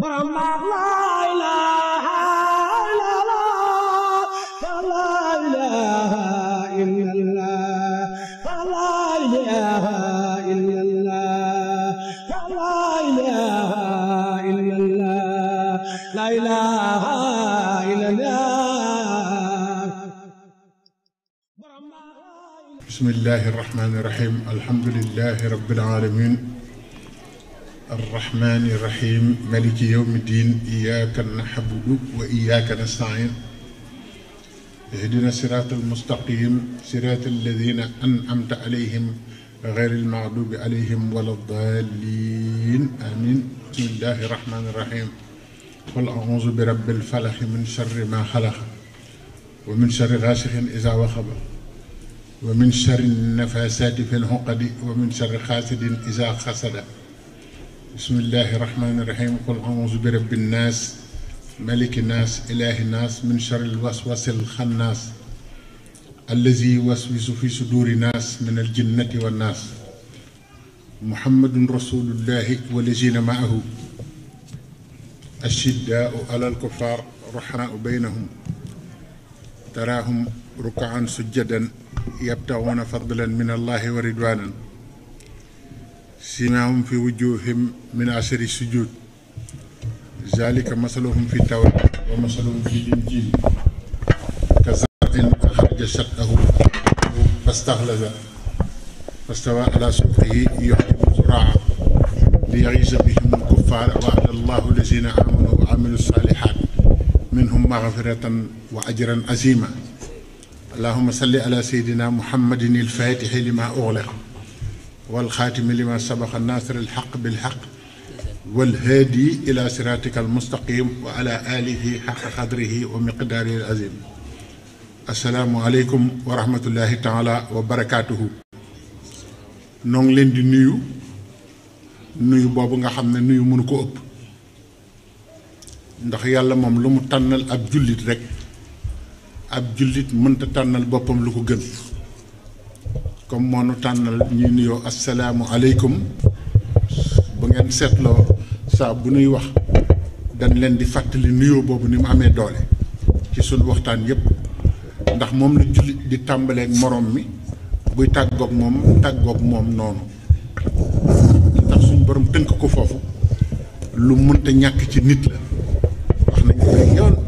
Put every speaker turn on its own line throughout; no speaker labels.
borom baax la
بسم الله الرحمن الرحيم الحمد لله رب العالمين الرحمن الرحيم ملك يوم الدين إياك نعبد وإياك نستعين اهدنا صراط المستقيم صراط الذين أنعمت عليهم غير المغضوب عليهم ولا الضالين آمين بسم الله الرحمن الرحيم قل أعوذ برب الفلح من شر ما خلق ومن شر غاسق إذا وخب ومن شر النفاسات في العقد ومن شر حاسد إذا خسد بسم الله الرحمن الرحيم قل أعوذ برب الناس ملك الناس إله الناس من شر الوسوس الخناس الذي يوسوس في صدور الناس من الجنة والناس محمد رسول الله والذين معه الشداء على الكفار رحماء بينهم تراهم ركعا سجدا يبتغون فضلا من الله ورضوانا سيماهم في وجوههم من أسر السجود ذلك مثلهم في التوراة ومثلهم في الإنجيل كزرع أخرج شقه فاستغلظ فاستوى على سوقه يحب الزراعة ليغيظ بهم الكفار وعد الله الذين آمنوا وعملوا الصالحات منهم مغفرة وأجرا عظيما اللهم صل على سيدنا محمد الفاتح لما أغلق والخاتم لما سبق الناصر الحق بالحق والهادي إلى صراطك المستقيم وعلى آله حق قدره ومقداره العظيم السلام عليكم ورحمة الله تعالى وبركاته noo ngi leen di nuyu nuyu boobu nga xam ne nuyu mënu ndax yàlla ab ak jullit mënta tànnal boppam lu ko gën comme moo nu tànnal ñuy nuyoo asalaamu aleykum bu ngeen seetloo saa bu nuy wax dañ leen di fàttali nuyoo boobu ni mu amee doole ci sunu waxtaan yépp ndax moom la jullit di tàmbaleek moroom mi buy tàggoog moom tàggoog moom noonu ndax suñ borom tënk ko foofu lu mënta ñàkk ci nit la wax nañ ko yoon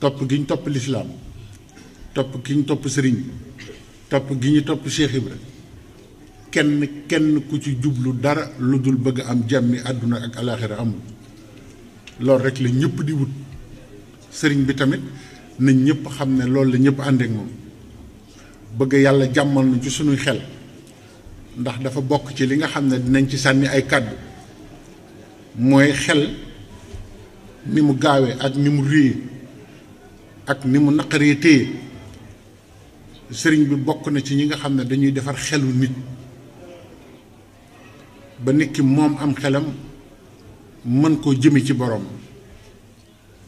top giñ top l'islam top giñ top sering, top giñ top Ken Cheikh Ibra kenn kenn ku ci jublu dara ludul baga am jammi aduna ak alaaxira am loolu rek la ñëpp di wut sëriñ bi tamit na ñëpp xamne ne loolu la ñëpp ànd ak mom bëgg yalla jammal ñu ci suñu xel ndax dafa bok ci li nga xamne dinañ ci sanni ay moy xel ni mu gaawé ak ni mu ak ni mu naqaree sëriñ bi bokk na ci ñi nga xam ne dañuy defar xelu nit ba nit ki am xelam mën koo jëmi ci borom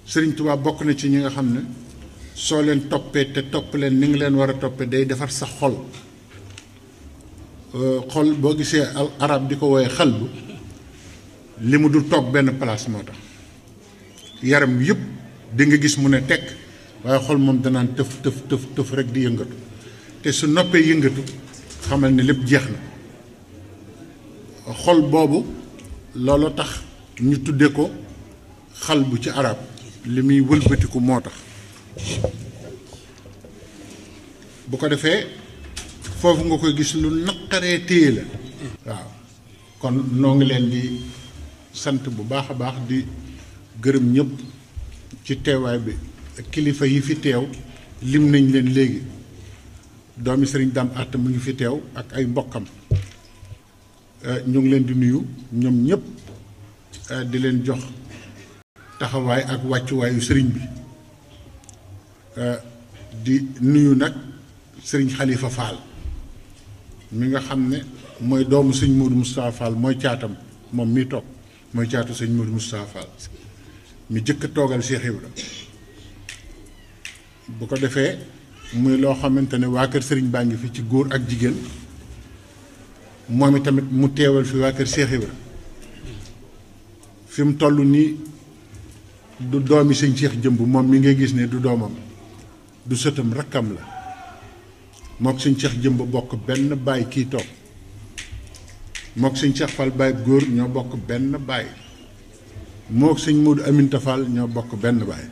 sëriñ Tuubaa bokk na ci ñi nga xam ne leen toppee te topp leen ni nga leen war a day defar sa xol euh, xol boo gisee arab di ko woowee xalbu li mu du toog benn place moo yaram yëpp di nga gis mu ne tekk waaye xol moom danaan tëf tëf tëf tëf rek di yëngatu te su noppee yëngatu xamal ne lépp jeex na xol boobu loolu tax ñu tudde ko xal bu ci arab li muy wëlbatiku moo tax bu ko defee foofu nga koy gis lu naqaree téye la waaw kon noo ngi leen di sant bu baax a baax di gërëm ñépp ci teewaay bi kilifa yi fi teew lim nañ leen léegi doomi sëriñ Dame Atta mu ngi fi teew ak ay mbokkam euh, ñu ngi leen di nuyu ñoom ñëpp euh, di leen jox taxawaay ak wàccuwaayu sëriñ bi euh, di nuyu nag sëriñ Xalifa Fall mi nga xam ne mooy doomu sëñ Modou Moustapha Fall mooy caatam moom mi toog mooy caatu sëñ Modou Moustapha Fall mi jëkk toogal Cheikh Ibra bu ko defee muy loo xamante ne waa kër sëriñ baa ngi fi ci góor ak jigéen moom itamit mu teewal fi waa kër Cheikh Ibra fi mu toll nii du doomi sëñ seex jëmb moom mi ngay gis ne du doomam du sëtam rakkam la mook sëñ Cheikh jëmb bokk benn baay kii toog mook sëñ Cheikh Fall baay góor ñoo bokk benn baay mook sëñ Modou Aminta Fall ñoo bokk benn baay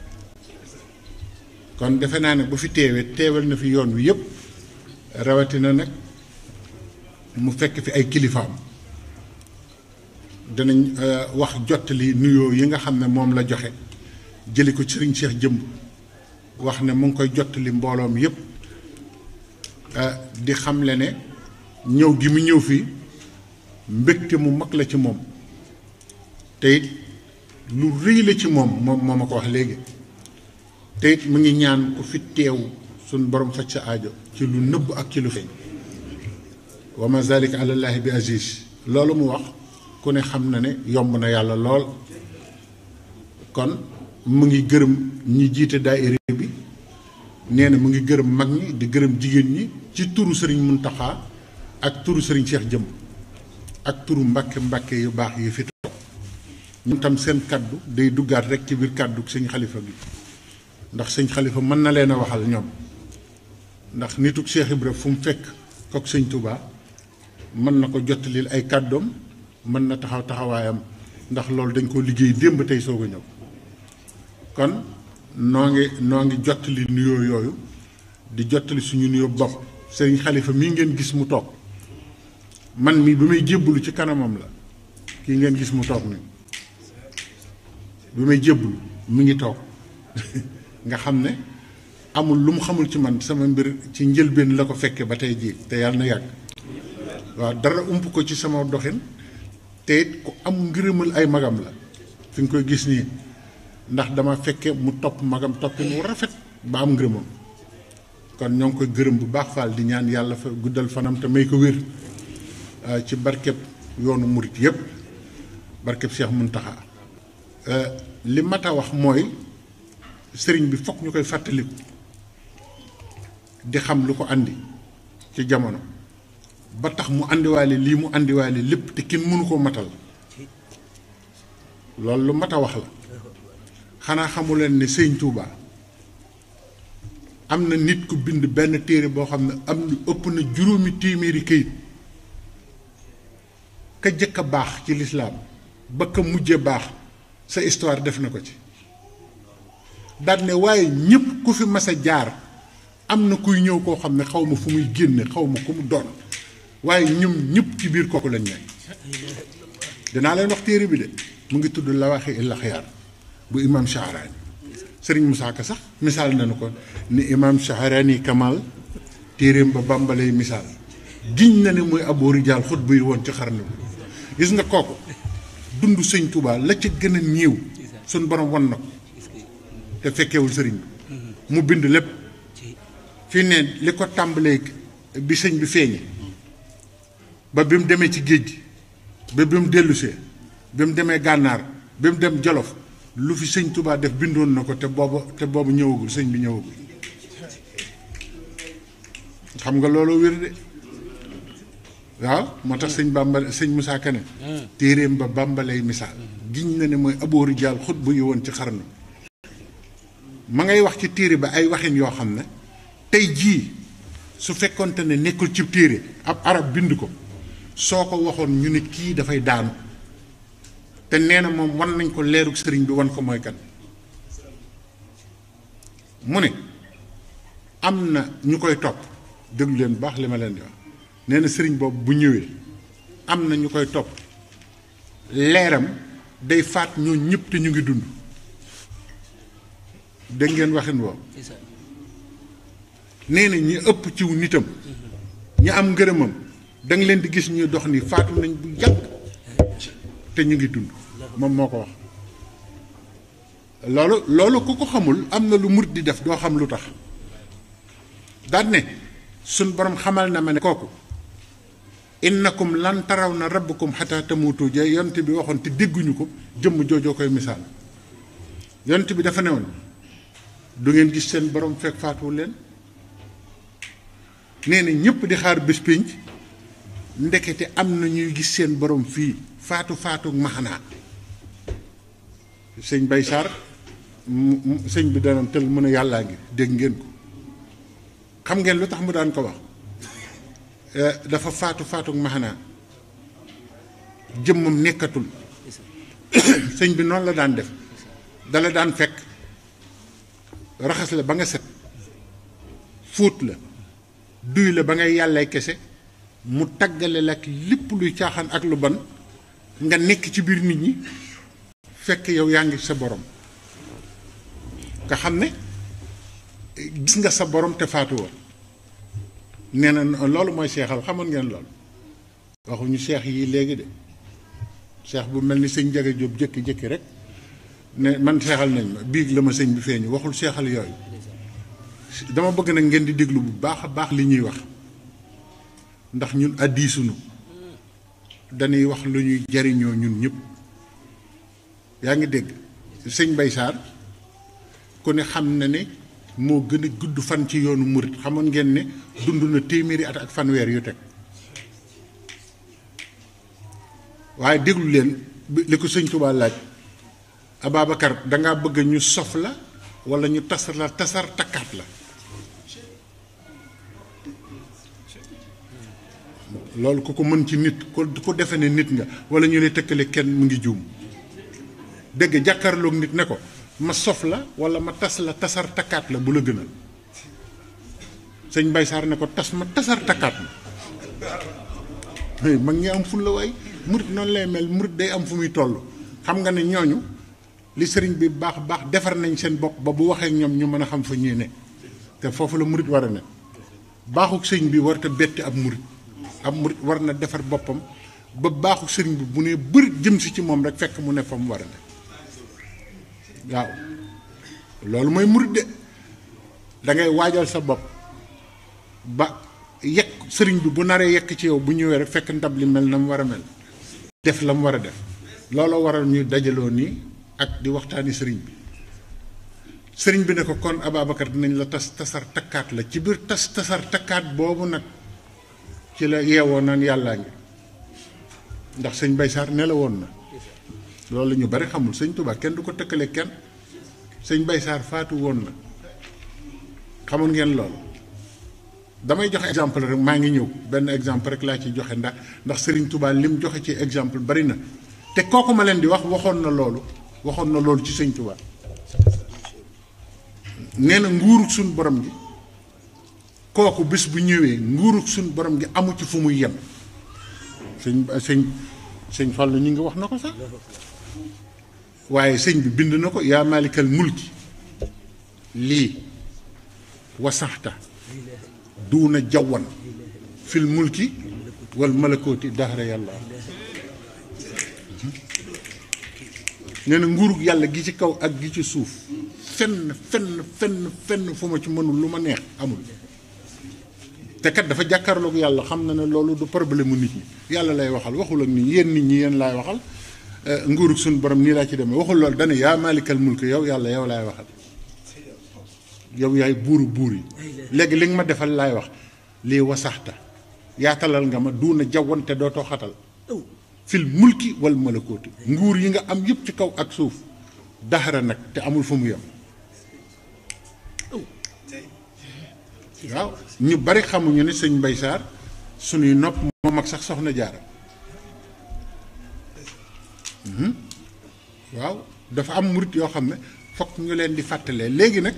kon defe naa ne bu fi teewee teewal na fi yoon wi yëpp rawatina nag mu fekk fi ay kilifaam danañ wax jottali nuyoo yi nga xam ne moom la joxe jëli ko Serigne Cheikh Jëmb wax ne mu ngi koy jottali mbooloom yëpp di xamle ne ñëw gi mu ñëw fii mbégte mu mag la ci moom te it lu rëy la ci moom moom moo ma ko wax léegi. te mu ngi ñaan ku fi teew sun borom faj sa aajo ci lu nëbb ak ci lu feeñ wa ma zalika ala llahi bi aziz loolu mu wax ku ne xam na ne yomb na yàlla lool kon mu ngi gërëm ñi jiite daaira bi nee na mu ngi gërëm mag ñi di gërëm jigéen ñi ci turu sëriñ muntaxa ak turu sëriñ cheikh jëmb ak turu mbacke mbacke yu baax yu fi toog ñun tam seen kaddu day duggaat rek ci biir kaddu sëñ xalifa bi ndax sëñ xalifa mën na leen a waxal ñoom ndax nituk Cheikh Ibra fu mu fekk kook sëñ Touba mën na ko jottalil ay kàddoom mën na taxaw taxawaayam ndax loolu dañ koo liggéey démb tey soog a ñëw kon noo ngi noo ngi jottali nuyoo yooyu di jottali suñu nuyoo bopp sëñ xalifa mii ngeen gis mu toog man mi bi may jébbalu ci kanamam la kii ngeen gis mu toog nii bi may jébbalu mi ngi toog nga xam ne amul lu mu xamul ci man sama mbir ci njëlbeen la ko fekkee ba tey jii te yàlla na yàgg waaw dara ump ko ci sama doxin te it ku am ngërëmal ay magam la fi nga koy gis nii ndax dama fekke mu topp magam toppin mu rafet ba am ngërëmam kon ñoo ngi koy gërëm bu baax faal di ñaan yàlla fa guddal fanam te may ko wér euh, ci barkeb yoonu murit yépp barkeb Cheikh Muntaxa euh, li mat a wax mooy sëriñ bi fokk ñu koy fàttaliku di xam lu ko andi ci jamono ba tax mu andiwaale lii mu andiwaale lépp te kenn mënu ko matal loolu lu mat a wax la xanaa xamu leen ne sëriñ Touba am na nit ku bind benn téere boo xam ne am na ëpp na juróomi téeméeri këyit ka jëkk a baax ci lislaam ba ka mujje baax sa histoire def na ko ci daal ne waaye ñëpp ku fi mas jaar am na kuy ñëw koo xam ne xaw ma fu muy génne xaw ma ku mu doon waaye ñoom ñëpp ci biir kooku lañ ne dinaa leen wax téere bi de mu ngi tudd la waxi illa xiyaar bu imam Shahraani sëriñ Moussa Ka sax misaal nañu ko ni imam Shahraani Kamal téereem ba bàmbalee misaal giñ na ne mooy aboo rijaal xut buy woon ci xarnu bi gis nga kooku dund sëñ Touba la ca gën a néew suñ borom won na ko te fekkewul sëriñ bi mu bind lépp fii ne li ko tàmbalee bi sëñ bi feeñe ba bi mu demee ci géej gi ba bi mu dellusee bi mu demee gànnaar bi mu dem jolof lu fi sëñ Touba def bindoon na ko te booba te boobu ñëwagul sëñ bi ñëwagul xam nga loolu wér de waaw moo tax sëñ bàmba sëñ Moussa Kane hmm. téeréem ba bàmbalay misaal hmm. giñ na ne mooy abóoru jaal xut bu ñu woon ci xarnu ma ngay wax ci téere ba ay waxin yoo xam ne tey jii su fekkonte ne nekkul ci téere ab arab bind ko soo ko waxoon ñu ne kii dafay daanu te nee na moom wan nañ ko leerug sëriñ bi wan ko mooy kan mu ne am na ñu koy topp déglu leen baax li ma leen di wax nee na sëriñ boobu bu ñëwee am na ñu koy day faat ñoo ñëpp te ñu ngi dund Dengen ngeen waxin wo neena ñi ëpp wu nitam ñi am ngërëmam da nga leen di gis ñu dox ni faatu nañ bu yag te ñu ngi dund mom moko wax lolu lolu ku ko xamul amna lu murid di def do xam lu tax ne sun borom xamal na ma ne innakum lan tarawna rabbukum hatta tamutu ja yonte bi waxon te degguñu ko jëm jojo koy misal yonte bi dafa du ngeen gis seen borom fekk faatuwul leen nee ñépp di xaar bés pénc ndekete am na ñuy gis seen boroom fii faatu faatu maxanaa sëñ Bay Sarr sëñ bi danañ tël mën a yàllaa ngi dégg ngeen ko xam ngeen lu tax mu daan ko wax eh, dafa faatu faatu maxanaa jëmmam nekkatul sëñ bi noonu la daan def dala daan fekk raxas la ba nga set foot la duy la ba ngay yàllay kese mu tàggale la lépp luy caaxaan ak lu ban nga nekk ci biir nit ñi fekk yow yaa ngi sa borom nga xam ne gis nga sa borom te wa nee na loolu mooy seexal xamoon ngeen loolu waxuñu seex yi léegi de seex bu mel ni sëñ Jóob jëkki-jëkki rek ne man xéxal nañ ma biig la ma sëñ bi feeñu waxul xéxal yooyu dama bëgg nag ngeen di déglu bu baax a baax li ñuy wax ndax ñun addiisunu dañuy wax lu ñuy jariñoo ñun ñëpp yaa ngi dégg sëñ Bay Saar ku ne xam na ne moo gën a gudd fan ci yoonu murit xamoon ngeen ne dund na téeméeri at ak fanweer yu teg waaye déglu leen li ko sëñ laaj Ababacar da ngaa bëgg ñu sof la wala ñu tasar la tasar takkaat la loolu ku ko mën ci nit ku ko defe ne nit nga wala ñu lay tëkkale kenn mu ngi juum dégg jàkkaarloog nit ni ko ma sof la wala ma tas la tasar takkaat la bu la gënal sëñ Baye Sarr ne ko tas ma tasar takkaat ma mag ñi am ful la waay murit noonu lay mel murit day am fu muy toll xam nga ne ñooñu li sëriñ bi baax a baax defar nañ seen bopp ba bu waxeek ñoom ñu mën a xam fa ñuy ne te foofu la murit war a ne baaxuk sëriñ bi warta betti ab murit ab murit war na defar boppam ba baaxuk sëriñ bi bu ne bëri jëm si ci moom rek fekk mu ne fa mu war a waaw loolu mooy murit de da waajal sa bopp ba yekk sëriñ bi bu naree yekk ci yow bu ñëwee rek fekk ndab li mel na mu war a mel def la mu war a def looloo waral ñuy dajaloo nii ak di waxtaani sëriñ bi sëriñ bi ne ko kon ababakar dinañ la tas tasar takkaat la ci biir tas tasar takkaat boobu nag ci la yeewoo naan yàllaa ngi ndax sëñ bay saar ne la woon na loolu ñu bari xamul sëñ tubaa kenn du ko tëkkale kenn sëñ bay saar faatu woon na xamul ngeen loolu damay joxe exemple rek maa ngi ñëw benn exemple rek laa ci joxe ndax ndax sëriñ tubaa lim joxe ci exemple bari na te kooku ma leen di wax waxoon na loolu waxoon na loolu ci sëñ Tuubaa nee na nguurug suñ borom gi kooku bis bu ñëwee nguurug suñ borom gi amu ci fu muy yem sëñ sëñ sëñ Fallu ñu ngi wax na ko sax waaye sëñ bi bind na ko yaa maalikal mulki lii wasaxta duuna jawwan fil mulki wal malakooti dahra yàlla nee na nguurug yàlla gi ci kaw ak gi ci suuf fenn fenn fenn fenn fu ma ci mënul lu ma neex amul te kat dafa jàkkaarloog yàlla xam na ne loolu du problème mu nit ñi yàlla lay waxal waxul ak nit ñi nit ñi yéen laay waxal eh, nguurug suñu borom nii laa ci demee waxul loolu dana yaa maalikal mulk yow yàlla yow laay waxal yow yaay buuru buur yi léegi li nga ma defal laay wax lii wasaxta yaatalal nga ma duuna jawwante dootoo xatal fil mulki wal malakooti nguur yi nga am yépp ci kaw ak suuf daxara nag te amul fa mu yem waaw ñu bari xamuñu ni sëñ Mbay Saar suñuy nopp moom ak sax soxna jaara hmm? waaw dafa am murit yoo xam ne fokk ñu leen di fàttalee léegi nag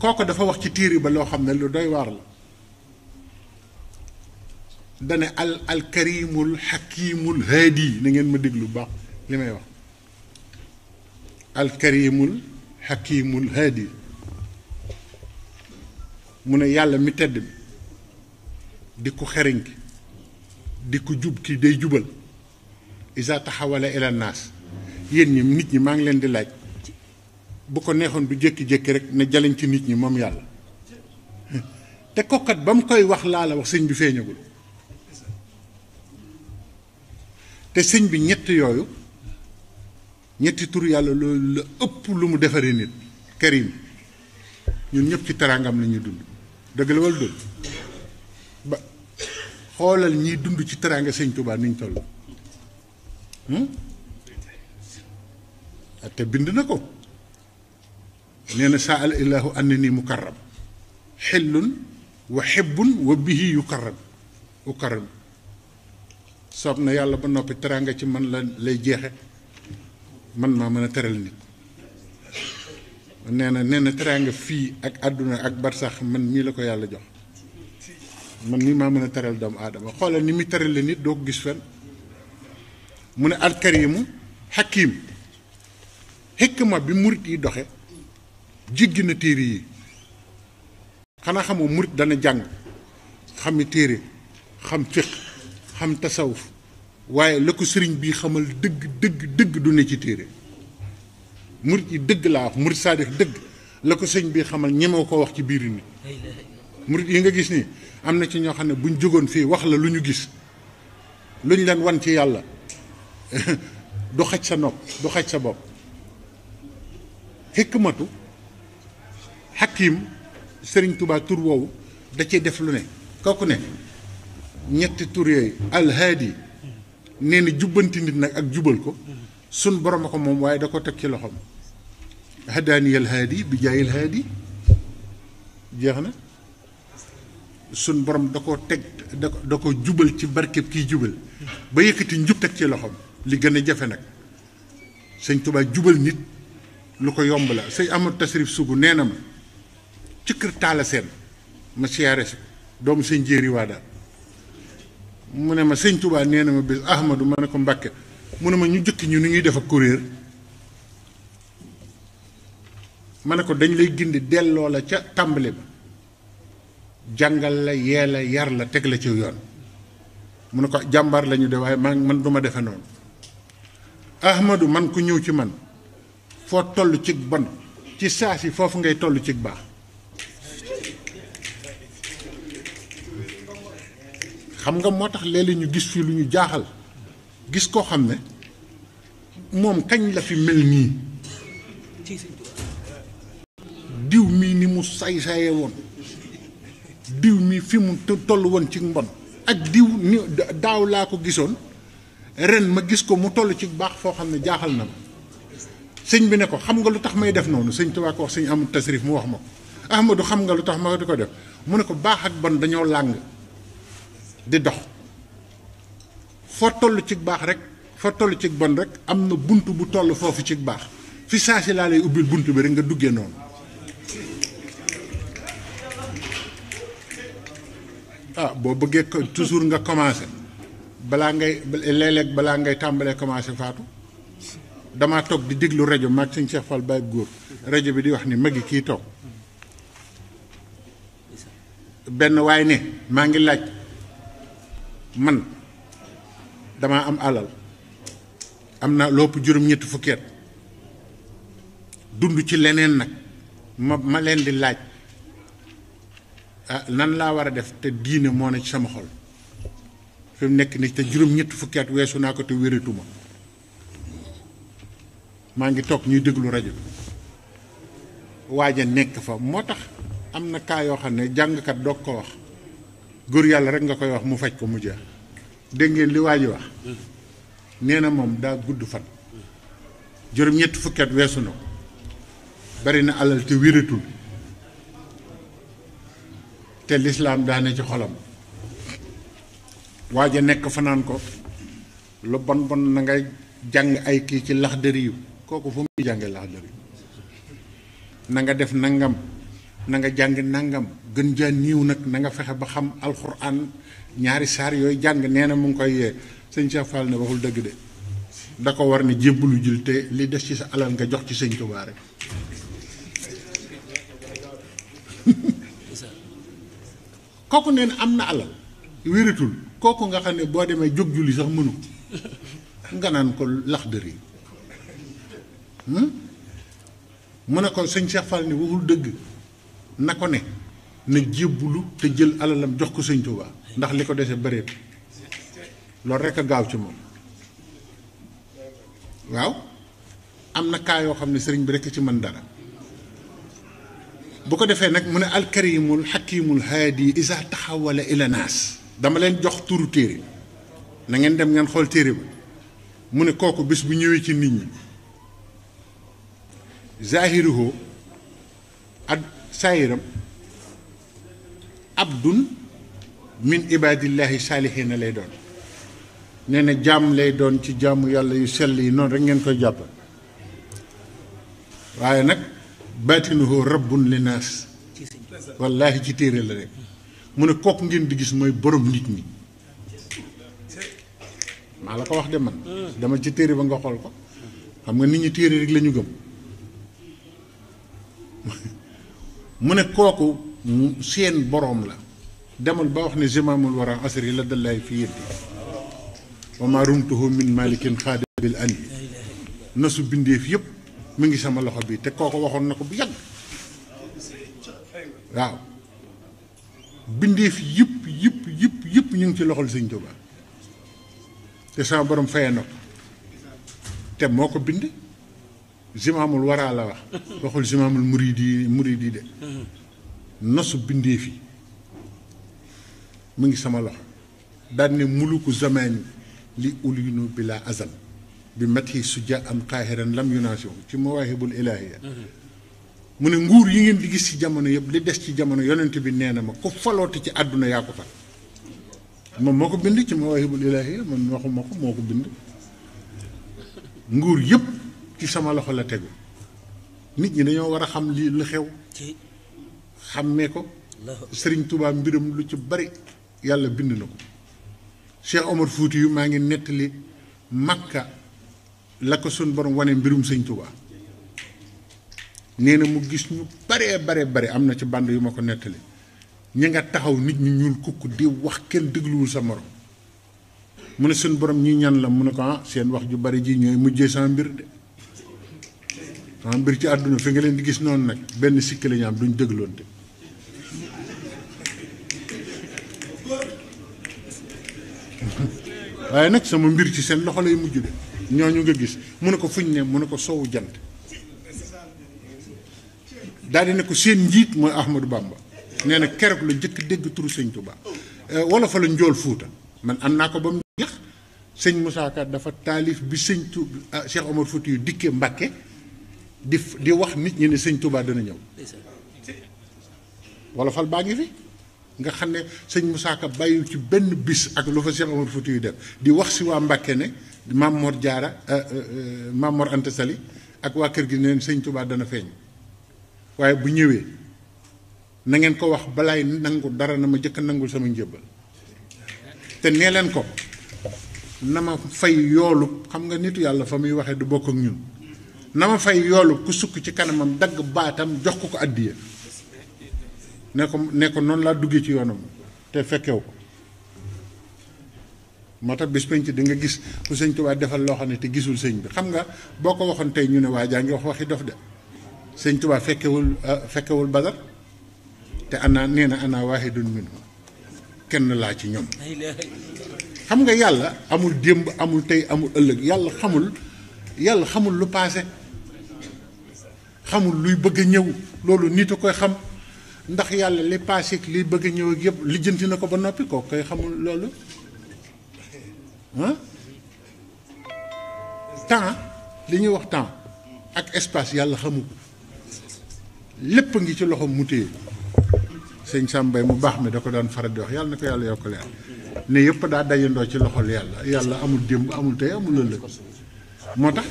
kooko dafa wax ci tiir yi ba loo xam ne lu doy waar la dane al al karimul xakimul haadi na ngeen ma déglu baax li may wax al karimul xakimul haadi mu ne yàlla mi tedd bi di ko xeriñ ki di ko jub ki day jubal isa taxawale ila naas yéen ñi nit ñi maa ngi leen di laaj bu ko neexoon du jékki-jékki rek ne jaleñ ci nit ñi moom yàlla te kokkat ba mu koy wax laa la wax sëñ bi feeñagul te señ bi ñett yooyu ñetti tur yàlla loolu la ëpp lu mu defaree nit karim ñun ñëpp ci tarangam la dund dëgg la wala dund ba xoolal ñi dund ci teraanga sëñ Tuubaa niñ toll hmm? ah, te bind na ko nee na saa al ilahu annani nii mukarram xillun wa xibbun wa bihi yukarram ukarram sop na yàlla ba nopi teranga ci man la lay jexé man ma mën a teral nit néna na teranga na teraanga fii ak aduna ak barsax man mi la ko yalla jox man mii ma mën a teral doomu aadama ni mi terale nit do gis fenn mu alkarimu hakim hikma bi murid yi doxé téré yi xana xamu murit dana jang xami téré xam fiqh xam tasawuf waaye la ko sëriñ bii xamal dëgg dëgg dëgg du ne ci téere murit yi dëgg laa wax murit saadix dëgg la ko sëriñ bi xamal ñemewu ko wax ci biir nit murit yi nga gis ni am na ci ñoo xam ne buñ jógoon fii wax la lu ñu gis lu ñu leen wan ci yàlla du xaj sa nopp du xaj sa bopp xikmatu xakim sëriñ Tuubaa tur woowu da ciy def lu ne kooku ne ñetti tur yooyu alhaadi jubbanti nit nag ak jubal ko sun borom a ko moom waaye da ko teg ci loxoom hadaani alhaadi bi jaay jeex na suñ borom da ko teg da ko jubal ci barkeb kiy jubal ba yëkkati njub teg ci loxoom li gën a jafe nag sëñ Tuubaa jubal nit lu ko yomb la sëñ Amadou Tasrif Sougou nee na ma ci kër Taala ma siyaare si doomu sëñ Jéeri Waada mu ne ma sëñ Touba nee na ma bés Ahmadou ma ne ko Mbàkke mu ne ma ñu jëkk ñu nu ñuy defa ak kuréer ma ne ko dañ lay gindi delloo la ca tàmbali ba jàngal la yee la yar la teg la ci yoon mu ne ko jàmbar lañu de waaye man man duma defe noonu ahmadu man ku ñëw ci man foo toll ci bon ci saa si foofu ngay tollu ci baax xam nga moo tax léeg ñu gis fii lu ñu jaaxal gis koo xam ne moom kañ la fi mel nii diw mii ni mu say saye woon diw mii fi mu toll woon ci mbon ak diw ni daaw laa ko gisoon ren ma gis ko mu toll ci baax foo xam ne jaaxal na ma sëñ bi ne ko xam nga lu tax may def noonu sëñ Tuubaa ko wax sëñ amul tasrif mu wax ma ko Ahmadu xam nga lu tax ma di ko def mu ne ko baax ak bon dañoo làng di dox foo toll ci baax rek foo toll ci bon rek am na bunt bu toll foofu ci baax fi saa si laa lay ubbil bunt bi rek nga duggee noonu ah boo bëggee toujours nga commencé balaa ngay léeg balaa ngay tàmbalee commencé faatu damaa toog di déglu rajo maag sëñ Cheikh Fall Baye góor rajo bi di wax ni magi kii toog benn waay ne maa ngi laaj man damaa am alal am na lopp juróom-ñetti fukki dund ci leneen nag ma ma leen di laaj ah nan laa war a def te diine moo ne ci sama xol fi nekk ni te juróom-ñetti fukki weesu naa ko te wératuma maa ngi toog ñuy déglu rajo waaja nekk fa moo tax am na kaa yoo xam ne jàngkat doog ko wax gor yalla rek nga koy wax mu fajj ko mu jeex de ngeen li waji barina wax neena mom da daa gudd fan juróom-ñetti nangai at weesu bari na alal te wiratul te l'islam da na ci xolam nek ko lu bon bon na ngay jang ay ki ci fu na nga def nangam na nga jàng nangam gën ja niw nag na nga fexe ba xam alquran ñaari saar yooyu jàng nee na mu ngi koy yee sëñ Cheikh Fall ne waxul dëgg de da ko war ni jébbalu jul te li des ci sa alal nga jox ci sëñ Touba rek kooku nee am na alal wératul kooku nga xam ne boo demee jóg julli sax mënu nga naan ko lax dëri hmm? mu ne ko sëñ Cheikh Fall ne waxul dëgg na ko ne na jébbulu te jël alalam jox ko sëñ Tuubaa ndax li ko dese bëreet loolu rek a gaaw ci moom waaw am na kaa yoo xam ne sëriñ bi rek ci mën dara bu ko defee nag mu ne alkarimul xakimul haadi isa taxawala ila naas dama leen jox turu téere na ngeen dem ngeen xool téere ba mu ne kooku bés bu ñëwee ci nit ñi zahiruhu ak saayiram abdun min ibadillahi saalihiina lay doon nee na jàmm lay doon ci jàmm yàlla yu sell yi noonu rek ngeen koy jàpp waaye nag baatinuhu rabbun linaas wallaahi ci téere la rek mu ne kooku ngeen di gis mooy borom nit ñi maa la ko wax de man dama ci téere ba nga xool ko xam nga nit ñi téere rek gëm mu ne kooku seen boroom la demal ba wax ne zimaamul wara asri la dallaay fi yëddi wa ma rumtuhu min malikin xaadabil ani nasu bindeef yëpp mu ngi sama loxo bi te kooku waxoon na ko bu yàgg waaw bindeef yëpp yëpp yëpp yëpp ñu ngi ci loxol sëñ Tuubaa te sama borom fayee na ko te moo ko bind zimaamul waraa la wax waxul zimaamul murid yi murid yi de nosu bindee fi mu ngi sama loxo daan ne muluku zamani li ulinu bila azal bi mati sujja am qaahiran lam yunaasiw ci mawaahibul ilaahiya mu ne nguur yi ngeen di gis ci jamono yëpp li des ci jamono yonent bi nee na ma ko falooti ci àdduna yaa ko fal moom moo ko bind ci mawaahibul ilaahiya man waxuma ko moo ko bind nguur yëpp ci sama loxo la tegu nit ñi dañoo war a xam lii lu xew xàmmee ko sëriñ Touba mbiram lu ci bari yàlla bind na ko Cheikh Omar Fouti yu maa ngi nettali Makka la ko sun borom wane mbirum sëñ Touba nee na mu gis ñu baree bare bare am na ci bànd yu ma ko nettali ña nga taxaw nit ñi ñuul kukk di wax kenn dégluwul sa morom mu ne sun borom ñi ñan la mu ne ko ah, seen wax ju bari ji ñooy mujjee sama mbir de maanaam mbir ci àdduna fi nga leen di gis noonu nag benn sikki la ñu am duñ dégloonte waaye nag sama mbir ci seen loxo lay mujj de ñooñu nga gis mu ne ko fuñ ne mun ne ko soowu jant daldi di ne ko seen njiit mooy Ahmadou Bamba nee keroog la jëkk dégg turu sëñ Touba eh, wala fa la njool fuuta man am naa ko ba mu jeex sëñ Moussa dafa taalif bi sëñ Touba ah, Cheikh Omar Fouti yu dikkee Mbacke di di wax nit ñi ni seigne Touba dana ñew wala fal baangi fi nga xamne ne Moussa Ka bayu ci benn bis ak lu fa Cheikh amadou Fouti yu def di wax ci wa mbacke ne mam Mor Jaara euh, euh, euh, mam Mor ante Sali ak wa keur gi ne seigne Touba dana feñ waye bu ñewé na ngeen ko wax balay nangu dara na ma jëk nangul sama njëbbal te ko nama fay yoolu xam nga nitu yàlla fa muy du bokk ak ñun na ma fay yoolu ku sukk ci kanamam dagg baatam jox ko ko àddiya ne ko ne ko noonu laa duggee ci yoonam te fekkew ko moo tax bis penc di nga gis ku sëñ Tuubaa defal loo xam ne te gisul sëñ bi xam nga boo ko waxoon tey ñu ne waa jaa ngi wax waxi dof de sëñ Tuubaa fekkewul ah, fekkewul Badar te ana nee na ana waahidun minhum kenn laa ci ñoom xam nga yàlla amul démb amul tey amul ëllëg yàlla xamul yàlla xamul lu paase xamul luy bëgg ñëw loolu nit a koy xam ndax yàlla li passé ak liy bëgg a ñëw yëpp lijjanti na ko ba noppi kooku koy xamul loolu ah temps li ñuy wax temps ak espace yàlla xamu ko lépp ngi ci loxo mu téye sëñ Samba mu baax mi da ko daan faral di wax yàlla na ko yàlla yokk leer ne yëpp daa dajandoo ci loxol yàlla yàlla amul démb amul tey amul ëllëg moo tax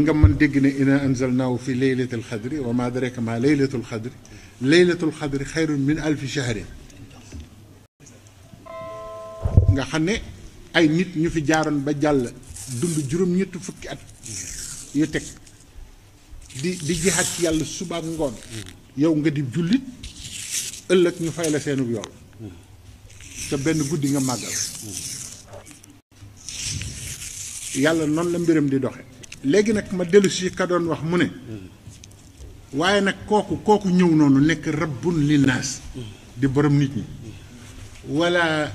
nga mën dégg ne ina anzalnaahu fi laylatil xadri wa ma adraka ma laylatul xadri laylatul xadri xayrun min alfi shahrin nga xam ne ay nit ñu fi jaaroon ba jàll dund juróom-ñetti fukki at yu teg di di jihaat ci yàlla suba ak ngoon yow nga di jullit ëllëg ñu fay la seenub yool te benn guddi nga màggal yàlla noonu la mbiram di doxe léegi nag ma dellusi si ka doon wax mu ne waaye nag kooku kooku ñëw noonu nekk rabbun linnaas di borom nit ñi wala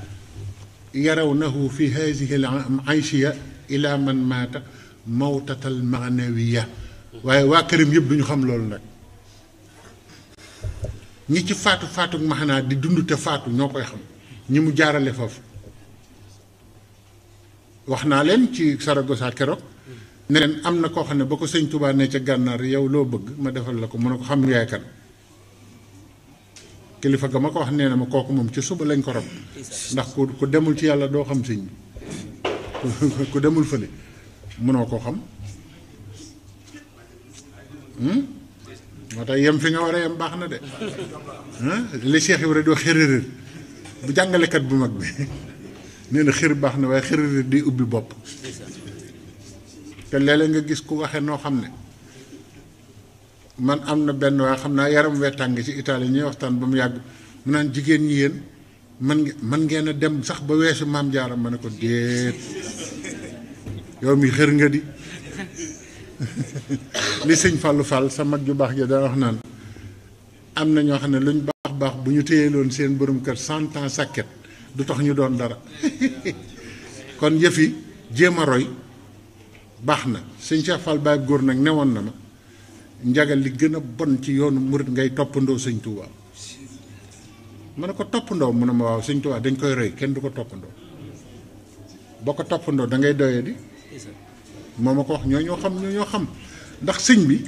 yarawnahu fi hadihi al ayshiya ila man maata mawtatal maanawiya waaye waa këram yëpp ñu xam loolu nag ñi ci faatu faatu maxanaa di dund te faatu ñoo koy xam ñi mu jaarale foofu wax naa leen ci Saragossa keroog ne amna am na koo xam ne Touba ne ca gannar yow lo bëgg ma defal lako mu ne ko xam ngay kan kilifa ga ma ko wax nee ma koku mom ci suba lañ ko rob ndax ku ku demul ci yalla do xam seigne ku demul fele mënoo ko xam hmm? moo tax yam fi nga wara yam baxna de hmm de li Cheikh yow di wax xërërër bu kat bu mag bi nee xir baxna way na di ubi bop te lele nga gis ku waxe no xamne man amna ben benn waa yaram wetang tàng ci italy ñi waxtan ba mu mu nan jigen ñi yeen man man ngeena dem sax ba wessu mam jaaram man ko deet yow mi xer nga di li seigne fallu Fall sa mag ju bax ja da wax nan amna ño xamne xam ne luñ baax baax bu ñu teyelon seen borom kër 100 ans sakket du tax ñu doon dara kon yefi jema roy baax na sëñ Cheikh Fall Baye góor nag newoon na ma njagal li gën a bon ci yoonu murit ngay toppandoo sëñ Touba ma ne ko toppandoo mu ne ma waaw sëñ Touba dañ koy rey kenn du ko toppandoo boo ko toppandoo da ngay doyee di moo ma ko wax ñoo ñoo xam ñoo ñoo xam ndax sëñ bi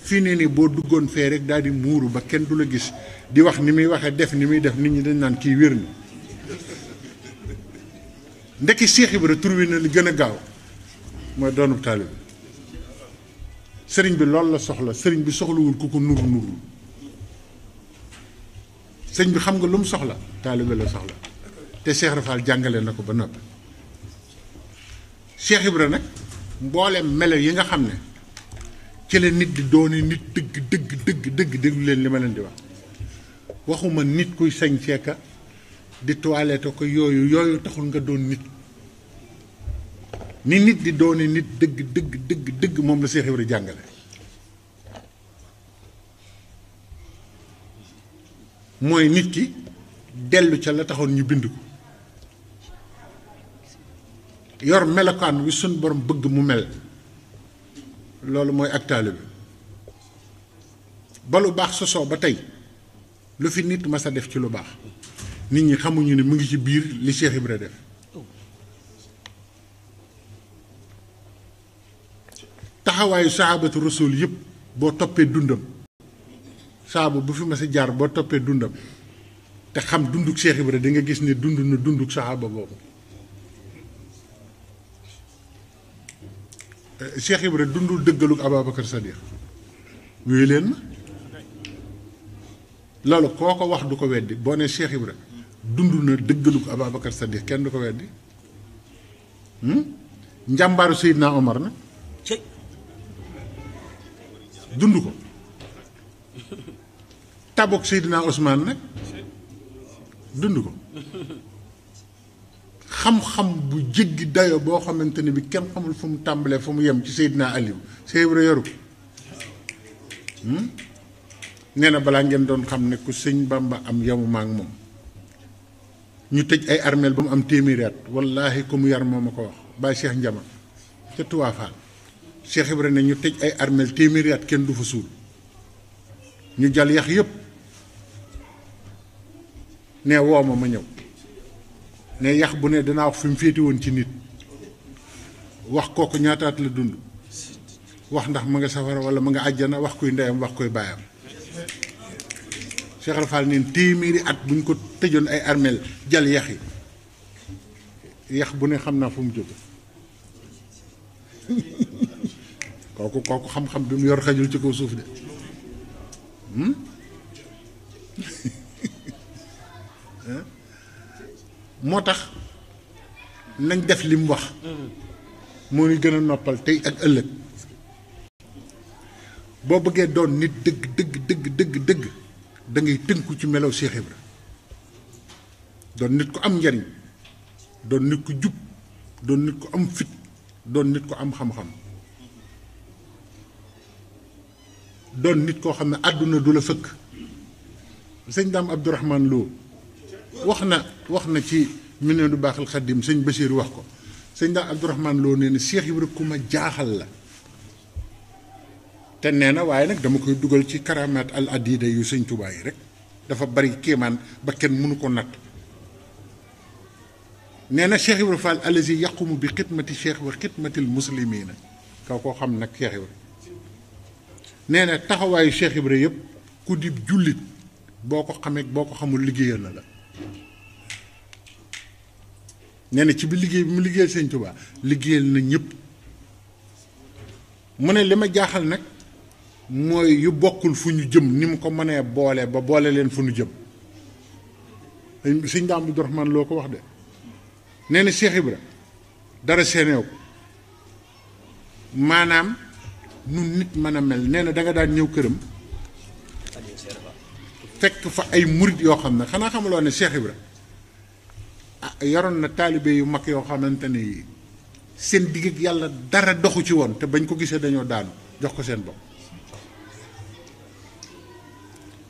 fii ne nii boo duggoon fee rek daal di muuru ba kenn du la gis di wax ni muy waxee def ni muy def nit ñi dañ naan kii wér na ndekki Seex Ibra tur wi na li gën a gaaw mooy doonub taalib sëriñ bi loolu la soxla sëriñ bi soxlawul ku ko nur nur sëriñ bi xam nga lu mu soxla taalibe la soxla te Cheikh Rafaal jàngale na ko ba noppi Cheikh Ibra nag mboolem melo yi nga xam ne ci la nit di doone nit dëgg dëgg dëgg dëgg déglu leen li ma leen di wax waxuma nit kuy sañ seeka di toilette ko yooyu yooyu taxul nga doon nit ni nit di doone nit dëgg dëgg dëgg dëgg moom la Cheikh Ibrahima jàngale mooy nit ki dellu ca la taxoon ñu bind ko yor melokaan wi sun borom bëgg mu mel loolu mooy ak taalibe ba lu baax sosoo ba tey lu fi nit mas def ci lu baax nit ñi xamuñu ni mu ngi ci biir li Cheikh Ibrahima def taxawaayu sahabatu rasul yépp boo toppee dundam saaba bu fi ma si jaar boo toppee dundam te xam dunduk Cheikh Ibra da nga gis ne dund na dunduk saxaaba boobu Cheikh Ibra dundul dëggaluk leen loolu koo ko wax du ko weddi boo ne Cheikh Ibra dund na dëggaluk Ababacar Sadiq kenn du ko weddi hmm? njàmbaaru Seydina Omar na dund ko tabuk Seydina Ousmane nag dund ko xam-xam bu jéggi dayo boo xamante ni bi kenn xamul fu mu tàmbalee fu mu yem ci Seydina Aliou Seydina yoru ko hmm? nee na balaa ngeen doon xam ne ku sëñ Bamba am yamu maak moom ñu tëj ay armeel ba mu am téeméeri at wallaahi ko mu yar moom a ko wax Baye Cheikh Ndiama ca Touba Cheikh ibrahim ne ñu tej ay armel témir at kenn du fa sul ñu jall yax yépp ne wooma ma ñëw ne yax bu ne danaa wax fi mu féete woon ci nit wax kooku ñaataat la dund wax ndax ma nga safara wala ma nga àjjana wax koy ndeyam wax koy baayam Cheikh al Fall neen téeméeri at buñ ko tëjoon ay armel jal yax yi yax bu ne xam naa fu mu jóge kooku kooku xam-xam bi mu yor xajul ci kaw suuf de hmm? moo tax nañ def li wax moo ñu gën a noppal tey ak ëllëg boo bëggee doon nit dëgg dëgg dëgg dëgg dëgg da tënku ci melow Cheikh Ibra doon nit ku am njariñ doon nit ku jub doon nit ko am fit doon nit ko am xam-xam don nit ko xamne aduna àdduna du la fëkk sëñ Dame Abdourahmane Lo waxna waxna ci mine du baaxal xaddim sëñ Bachir wax ko sëñ Dame Abdourahmane Lo nee Cheikh ibrahim ku ma jaaxal la te neena na nak dama koy duggal ci karamat al adida yu seigne touba yi rek dafa bari keman ba ken munu ko nat neena Cheikh ibrahim Fall alazi yaqumu bi khidmati cheikh wa khidmati al muslimin kaw ko xam nak Cheikh ibrahim nee na taxawaayu Cheikh Ibra yëpp ku di jullit boo ko xamee boo ko xamul liggéeyal na la nee na ci bi liggéey bi mu liggéeyal Sëñ Tuubaa liggéeyal na ñëpp mu ne li ma jaaxal nag mooy yu bokkul fu ñu jëm ni mu ko mënee boole ba boole leen fu ñu jëm sëñ Daam Abdourahmane loo ko wax de nee na Cheikh Ibra dara seeneew ko maanaam nu nit mën a mel nee na da daan ñëw këram fekk fa ay murit yoo xam ne xanaa xamuloo ne Cheikh la ah yoroon na taalibe yu mag yoo xamante ni seen digg ak yàlla dara doxu ci woon te bañ ko gisee dañoo daanu jox ko seen bopp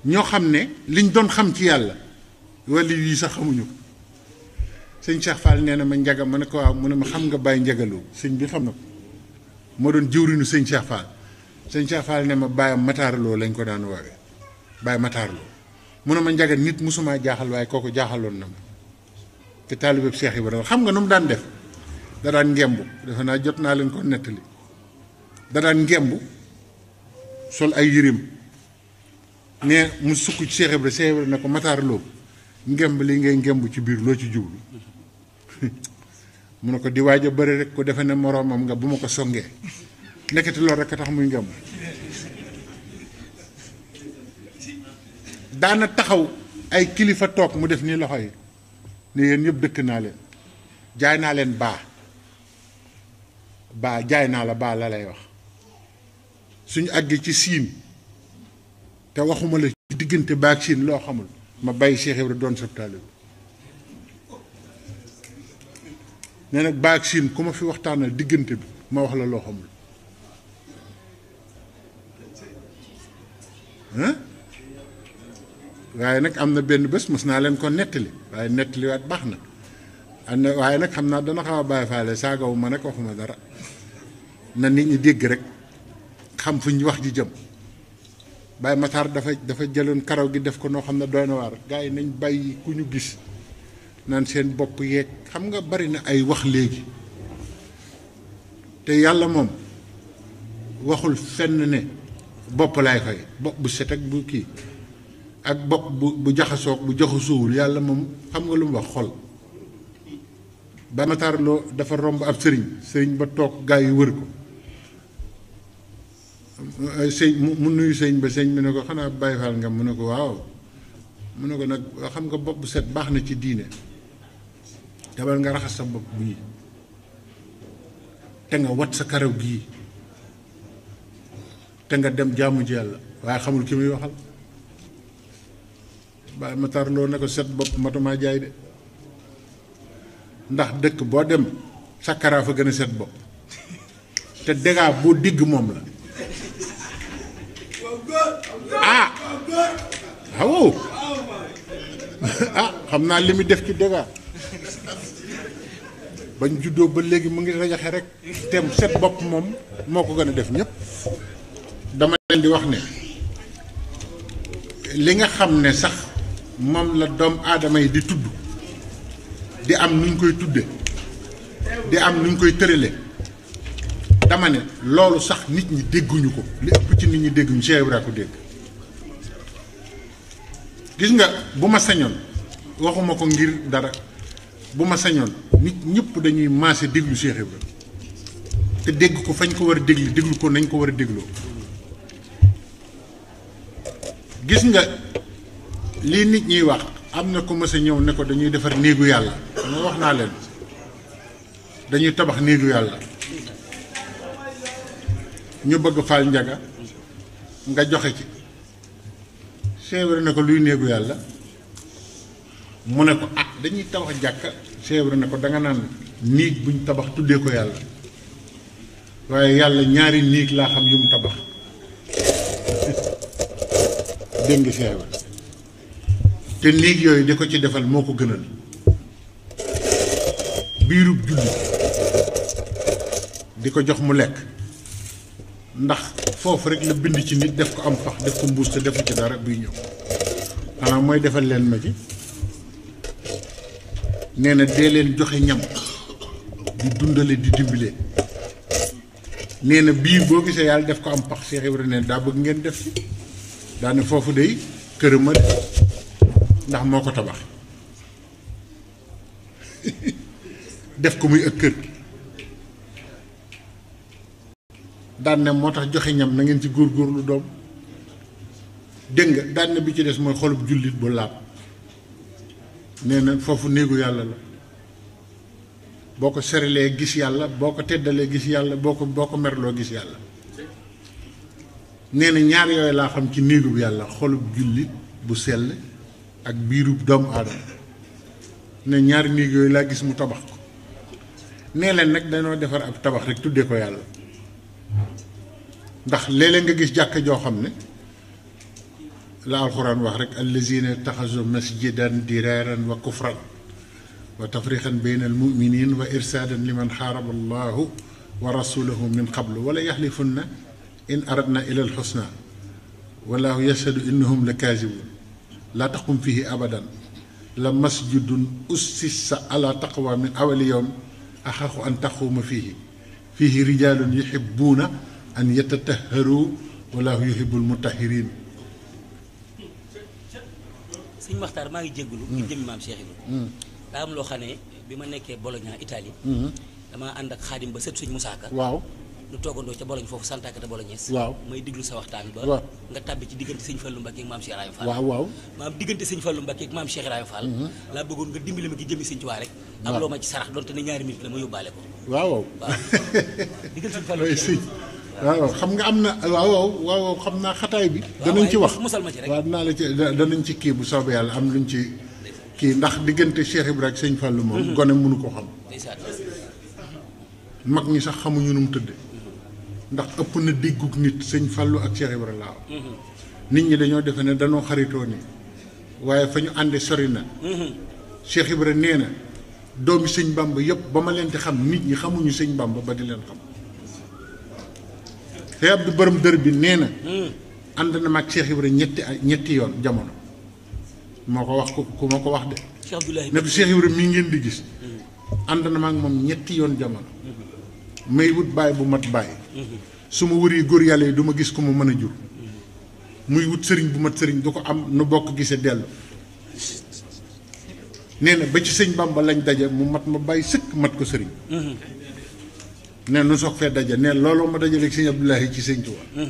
ñoo xam ne liñ doon xam ci yàlla wala yii sax xamuñu ko sëñ Cheikh Fall nee na ma njaga ma ne ko waaw mu ne ma xam nga bàyyi njagaloo sëñ bi xam na ko moo doon jëwriñu sëñ Cheikh Fall sëñ Cheikh ne ma Baye Matar Lo lañ ko daan woowee baay Matar Lo mu ne ma njaga nit mosuma jaaxal waaye kooku jaaxaloon na ma te taalibeeb Cheikh Ibrahima xam nga nu mu daan def da daan ngemb defe naa jot naa leen ko nettali da daan ngemb sol ay yërim ne mu sukk ci Cheikh Ibrahima Cheikh Ibrahima ne ko Matar Lo ngemb li ngay ngemb ci biir loo ci jublu. mu ne ko di waaj a bëri rek ku defe ne moroomam nga bu ma ko songee nekkati loolu rek a tax muy ngëm daana taxaw ay kilifa toog mu def nii loxo yi ne yéen yëpp dëkk naa leen jaay naa leen baa baa jaay naa la baa la lay wax suñu àggee ci siim te waxuma la ci diggante baag siin loo xamul ma bàyyi Cheikh Ibra doon sab nee nag baag siin ku ma fi waxtaanal diggante bi ma wax la loo xamul waaye nag am na benn bés mos naa leen ko nettali waaye nettaliwaat baax na am na waaye nag xam naa dana xaw a bàyyi faale saagaw ma nag waxuma dara na nit ñi dégg rek xam fu ñu wax ji jëm Baye Matar dafa dafa jëloon karaw gi def ko noo xam ne doy na waar gars yi nañ bàyyi ku ñu gis naan seen bopp yeeg xam nga bari na ay wax léegi te yàlla moom waxul fenn ne bopp laay fay bopp bu set ak bu kii ak bopp bu bu jaxasoog bu jaxasuwul yàlla moom xam nga lu mu wax xol ba Matar Lo dafa romb ab sëriñ sëriñ ba toog gaa yi wër ko sëñ mu nuyu sëñ ba sëñ bi ne ko xanaa Baay Faal nga mu ne ko waaw mu ne ko nag xam nga bopp set baax na ci diine demal nga raxas sa bopp bii te nga wat sa karaw gii te nga dem jaamu ji yàlla waaye xamul ki muy waxal bàyyi ma tarloo ne ko set bopp matumaa jaay de ndax dëkk boo dem sa karaa gën a set bopp te dégaa boo digg moom la ah waaw ah xam naa li muy def ci dégaa bañ juddoo ba léegi mu ngi rajaxe rek te set bopp moom moo ko gën a def ñëpp dama leen di wax ne li nga xam ne sax moom la doom aadama yi di tudd di am nuñ koy tudde di am nuñ koy tërale dama ne loolu sax nit ñi dégguñu ko li ëpp ci nit ñi dégguñu Cheikh Ibra ko dégg gis nga bu ma sañoon waxuma ko ngir dara bu ma sañoon nit ñepp dañuy maase déglu Cheikh Ibra te dégg ko fañ ko wara déglu déglu ko nañ ko wara déglu gis nga li nit ñi wax amna na ko mësa ñew ne ko dañuy défar néegu yalla moo wax na leen dañuy tabax néegu yalla ñu bëgg faal njaga nga joxé ci Cheikh Ibra ne ko luy néegu yalla mu ne ko ah dañuy tabax jàkka chèvre ne ko da nga naan niig buñ tabax tuddee ko yàlla waaye yàlla ñaari niig laa xam yum tabax dégg chèvre te niig yooyu di ko ci defal moo ko gënal biirub julli di ko jox mu lekk ndax foofu rek la bind ci nit def ko am pax def ko mbuus te defu ci dara buy ñëw xanaa mooy defal leen ma ci nee de len joxe ñam di dundale di dimbilé nee bi bo gisé yalla def ko am pax Cheikh ibrahim ne daa bëgg ngeen def na fofu day kërëma ndax moko tabax def ko muy ëkkër kër daan ne moo joxe ñam na ngeen ci gor lu dom deng dan ne bi ci des moy xolub julit bu laap nee na foofu néegu yàlla la boo ko serelee gis yàlla boo ko teddalee gis yàlla boo ko boo ko merloo gis yàlla nee na ñaar yooyu laa xam ci néegub yàlla xolub jullit bu sell ak biirub doomu aadama ne ñaari néegu yooyu laa gis mu tabax ko nee leen nag dañoo defar ab tabax rek tuddee ko yàlla ndax léeg-léeg nga gis jàkk joo xam ne لا القرآن وحرك الذين اتخذوا مسجدا درارا وكفرا وتفريقا بين المؤمنين وإرسادا لمن حارب الله ورسوله من قبل ولا يحلفن إن أردنا إلى الحسنى والله يشهد إنهم لكاذبون لا تقوم فيه أبدا لمسجد أسس على تقوى من أول يوم أخاف أن تقوم فيه فيه رجال يحبون أن يتطهروا والله يحب المطهرين
sëñ Maxtaar maa ngi jégalu. Mm. ngir jëmmi maam Cheikh Ibrahima. Mm. daa am loo
xam ne bi ma nekkee Bologna Italie. Mm-hmm. damaa ànd ak xaadim ba sët suñ Musaa Ka. waaw nu toogandoo ca Bologne foofu santakata Bolognaise. waaw may diglu sa waxtaan ba. nga tàbbi ci diggante sëñ Fallou Mbacké ak maam Cheikh Ibrahima Fall. waaw waaw maam diggante sëñ Fallou Mbacké ak maam Cheikh Ibrahima Fall. Mm-hmm. laa bëggoon nga dimbali ma ki jëmmi sëñ Tuubaa rek. am loo ma ci sarax donte ne ñaari minute la ma yóbbaale ko. waaw waaw diggante sëñ Fallou waaw xam nga am na waaw waaw xam naa xataay bi. danañ ci wax waaw dinaa la ci danañ ci kii bu soobee yàlla am ñu ci kii ndax diggante Cheikh Ibra ak sëñ Fallou moom. Mhm. gone mënu ko xam. mag ñi sax xamuñu nu mu ndax ëpp na déggug nit sëñ Fallou ak Cheikh Ibra laaw. Mhm. ñi dañoo defe ne danoo xaritoo ni waaye fa ñu àndee sori na. Mhm. Cheikh Ibra nee na doomi sëñ Bamba yëpp ba ma leen di xam nit ñi xamuñu sëñ Bamba ba di leen xam. Cheikh Abdou borom dër bi nee na. Hmm. ànd na mag seex Ibrahima ñetti ay ñetti yoon jamono moo ko wax ku ma ko wax de.
Cheikh Abdoulaye ne Cheikh
Ibrahima mii ngeen di gis. Hmm. ànd na maa mag moom ñetti yoon jamono.
Hmm.
may wut bàyyi bu mat bàyyi. su ma wëri góor yàlla yi du ma gis ku ma mën a jur. muy wut sëriñ bu mat sëriñ du ko am nu bokk gisee dellu. nee na ba ci sëñ Bamba lañ daje mu mat ma bàyyi sëkk mat ko sëriñ. ne nu soog fee daje ne looloo ma dajaleeg sëñ Abdoulahi ci sëñ Tuubaa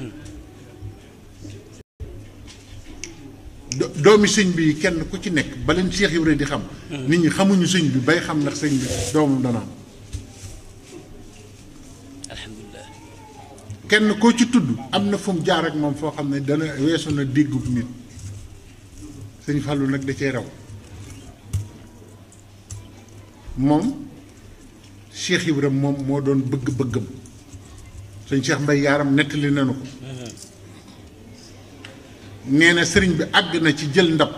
doomi sëñ bi kenn ku ci nekk baleen Cheikh Ibra di xam nit ñi xamuñu sëñ bi bay xam ndax sëñ bi doomam dana am alhamdulilah kenn koo ci tudd am na fu mu jaar ak moom foo xam ne dana weesu na déggub nit sëñ Fallou nag da cee rew moom شيخ يبرم مودون بغ بغم سيرن شيخ مباي يارام نتلي نانو نينا سيرن بي اغنا سي جيل نداب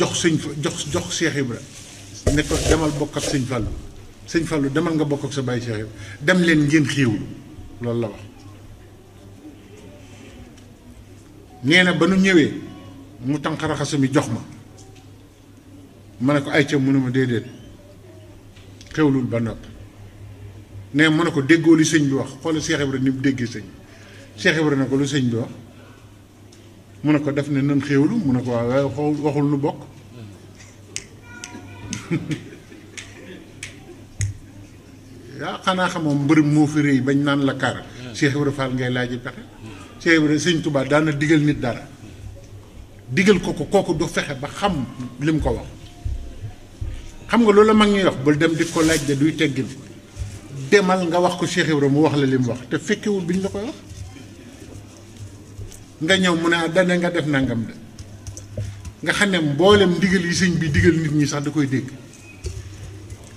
جوخ سيرن جوخ شيخ ابراهيم نيكو دمال بوكك سيرن فالو سيرن فالو دمال nga بوكك سا شيخ دم لين جين خيوول لول نينا بانو نيوي مو تانخ راخاسمي جوخما مانكو ايتيو مونوما ديدت xewlul ba nopp ne mun ne ko déggoo li sëñ bi wax xoolal Cheikh Ibrahima ni bu déggee sëñ bi Cheikh Ibrahima ne ko lu sëñ bi wax mu ne ko def ne nan xewlu mu ne ko waaye waxul lu bokk yaa xanaa xamoon mbërëm moo fi rëy bañ naan la kaar Cheikh Ibrahima Fall ngay laaj pexe Cheikh Ibrahima sëñ Touba daan digal nit dara digal ko ko kooku du fexe ba xam lim ko wax xam nga loolu la mag ñuy wax bul dem di ko laaj de duy teggin demal nga wax ko Cheikh mu wax la li wax te fekkewul bi ñu la koy wax nga ñëw mu ne ah dane nga def nangam de nga xam ne mboolem ndigal yi sëñ bi digal nit ñi sax da koy dégg